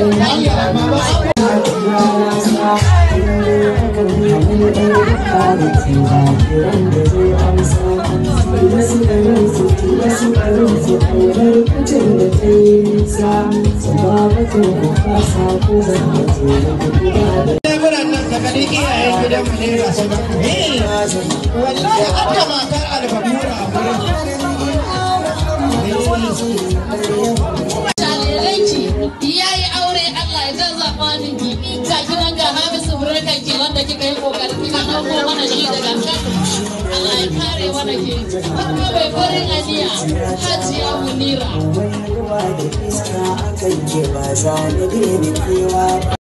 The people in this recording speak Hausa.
wallahi an da matar albabura a wurin ya yi aure Allah ya zazzaɓa miki ga kiran ga Hamisu Burkan kanki wanda kika yi kokarin kika ɗauko mana shi daga kan Allah ya kare mana ke kuma bai farin aniya Hajiya Munira. ruwa da iska akan ke ba kewa